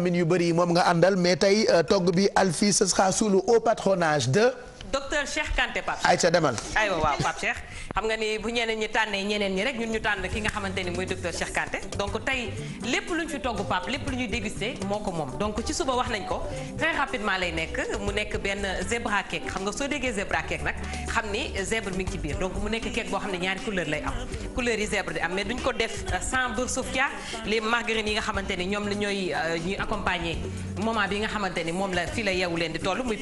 mu yu bëri moom nga àndal mais tey euh, togg bi Alphie ce sera sous le patronage de docteur Cheikh Kanté Pape Cheikh. Aïcha demal aywa waaw Pape Cheikh xam nga ni bu ñeneen ñi tànnee ñeneen ñi rek ñun ñu tànn ki nga xamante ni mooy docteur Cheikh Kanté donc tey lépp lu ñu fi togg Pape lépp lu ñuy dégusté moo ko moom donc ci suba wax nañ ko très rapidement lay nekk mu nekk benn zebra cake xam nga soo déggee zebra cake nag xam ni zèbre mi ngi ci biir donc mu nekk cake boo xam ne ñaari couleur lay am couleur yi zèbre di am mais duñ ko def euh, sans beurre sofia les margarines nga xamante ni ñoom la ñooy euh, ñuy accompagner moment bi nga xamante ni moom la fii la leen di toll muy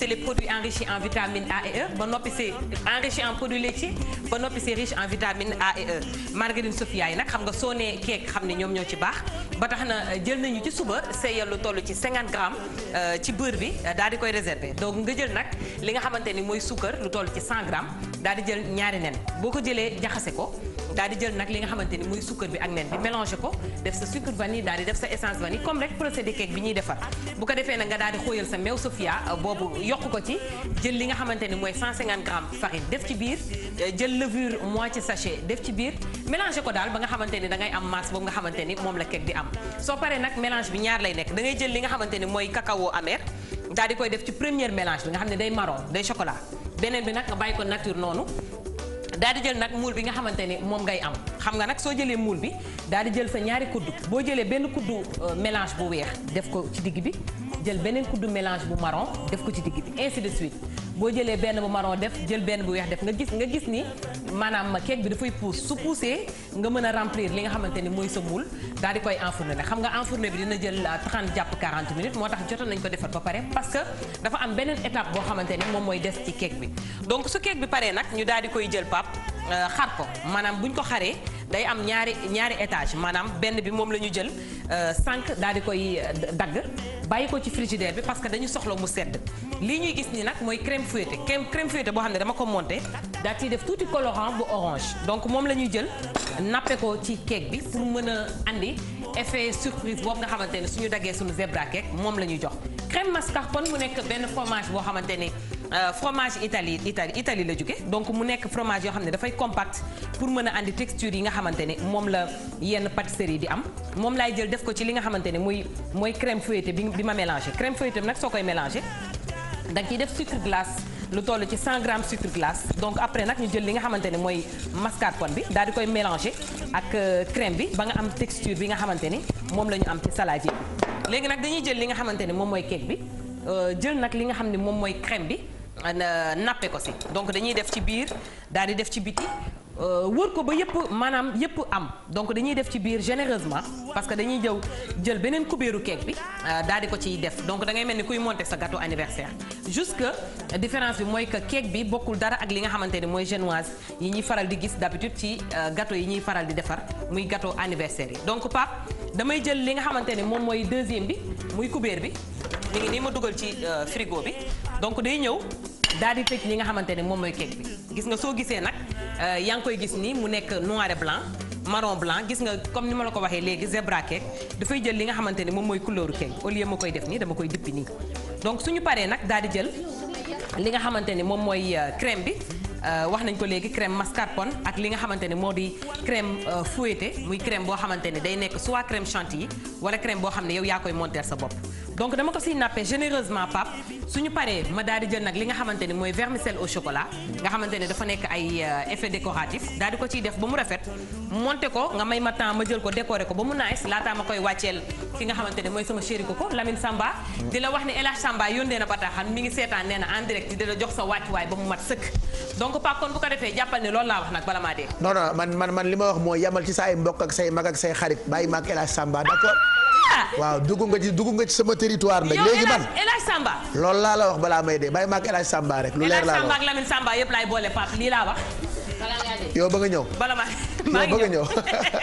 c'est les produits enrichis en vitamine A E ba noppi c'est enrichi en produits laitiers ba noppi c'est riche en vitamine A et E margarine Sofia yi nag xam nga soo nee keek xam ne ñoom ñoo ci baax ba tax na euh, jël nañu ci suba seyal lu toll ci 50 grammes euh, ci bër bi euh, daal di koy réserver donc nga jël nag li nga xamante ni mooy suukar lu toll ci 100 grammes daal di jël ñaari nen boo ko jëlee jaxase ko. daal di jël nag li nga xamante ni muy sukkar bi ak nen bi mélangé ko def sa sucre vanille daal di def sa essence vanille comme rek procédé cake bi ñuy defar bu ko defee nag nga daal di euh, ko ci jël li nga xamante ni mooy 150 grammes def ci biir euh, jël levure moitié sachet def ci biir mélangé ko daal ba nga xamante ni da am masse boobu nga xamante ni moom la cake di am soo paree nag mélange bi ñaar lay nekk da ngay jël li nga xamante ni mooy cacao amer daal di koy def ci première mélange bi nga xam ne day marron day chocolat beneen bi nag nga bàyyi ko nature noonu daal di jël nag muul bi nga xamante ne moom ngay am xam nga nag soo jëlee muul bi daal di jël sa ñaari kuddu boo jëlee benn kuddu euh, mélange bu weex def ko ci digg bi jël beneen kuddu mélange bu marron def ko ci digg bi ainsi de suite boo jëlee benn bu marron def jël benn bu weex def nga gis nga gis ni maanaam keek bi dafay pousse su poussé nga mën a remplir li nga xamante ni mooy sa moule daal di koy enfourner nag xam nga enfourner bi dina jël 30 euh, jàpp 40 minutes moo tax jotoon nañ ko defar ba pare parce que dafa am beneen étape boo xamante ni moom mooy des ci keek bi donc su keek bi paree nag ñu daal di koy jël papp euh, xar ko maanaam ñu ko xaree day am ñaari ñaari étage maanaam benn bi moom la ñu jël euh, sànq daal di koy euh, dagg bàyyi ko ci frigidaire bi parce que dañu soxla mu sedd lii ñuy gis ni nag mooy crème fouettée crème fouettée boo xam ne dama ko monté daal ciy def tuuti colorant bu orange donc moom la ñuy jël nappe ko ci cake bi pour mën a andi effet surprise boobu nga xamante ne suñu daggee suñu zebra cake moom la ñuy jox crème mascarpone mu nekk benn fromage boo xamante ne Euh, fromage Italie Italie Italie la jóge donc mu nekk fromage yoo xam ne dafay compact pour mën a andi texture yi nga xamante ne moom la yenn yi di am moom laay jël def ko ci li nga xamante ne mooy mooy crème feuilletée bi ma mélangé crème feuilletée bi nag koy mélangé da nga def sucre glace lu toll ci 100 grammes sucre glace après nag ñu jël li nga xamante ne mooy mascarpone bi daal di koy mélangé ak euh, crème bi ba nga am texture bi nga xamante ne moom la ñu am ci salade yi léegi nag dañuy jël li nga xamante ne moom mooy cake bi euh, jël nag li nga xam ne moom mooy crème bi nappe ko si donc dañuy def ci biir daal di def ci biti euh, wër ko ba yëpp maanaam yëpp am donc dañuy def ci biir généreusement parce que dañuy jëw jël beneen kubéeru cake bi euh, daal di ko ciy def donc da ngay mel ni kuy monter sa gâteau anniversaire jusque différence bi mooy que cake bi bokkul dara ak li nga xamante ni mooy génoise yi ñuy faral di gis d'habitude ci euh, gato yi ñuy faral di defar muy gato anniversaire yi donc Pape damay jël li nga xamante ni moom mooy deuxième bi muy kubéer bi mi ngi nii ma dugal ci frigo bi donc day ñëw daal di tëj li nga xamante ne moom mooy cake bi gis nga soo gisee nag euh, yaa ngi koy gis nii mu nekk noir et blanc marron blanc gis nga comme ni ma la ko waxee léegi zebra cake dafay jël li nga xamante ne moom mooy couleur cake au lieu koy def nii dama koy dippi nii donc suñu paree nag daal di jël li nga xamante ne moom mooy euh, crème bi euh, wax nañ ko léegi crème mascarpone ak li nga xamante ne moo di crème fouettée muy crème boo xamante ne day nekk soit crème chantilly wala crème boo xam ne yow yaa koy monter sa bopp donc dama ko siy nappee généreusement pap suñu paree ma daal di jël nag li nga xamante ni mooy vermicelle au chocolat nga xamante ne dafa nekk ay euh, effet décoratif daal di ko ciy def ba mu rafet monté ko nga may ma temps ma jël ko décoré ko ba mu nice laataa ma koy wàcceel ki nga xamante ne mooy sama chéri ko ko Lamine Samba di la wax ne El Hadj Samba yónnee na bataaxal mi ngi seetaan nee na en direct di la jox sa wàccuwaay ba mu mat sëkk donc pap kon bu ko defee laa wax nag bala maa dee man man li ma wax mooy yamal ci say mbokk ak say mag ak say xarit bàyyi maag El Samba d'accord waaw duggu nga ci dugg nga ci sama territoire nag. léegi man yow Samba. loolu laa la wax balaa may de bàyyi ma ak El Hadj rek. lu leer laa la wax Samba ak Lamine Samba yëpp laay boole Pape lii laa wax. yow ba nga ñëw. bala ma ñëw yow ba nga ñëw.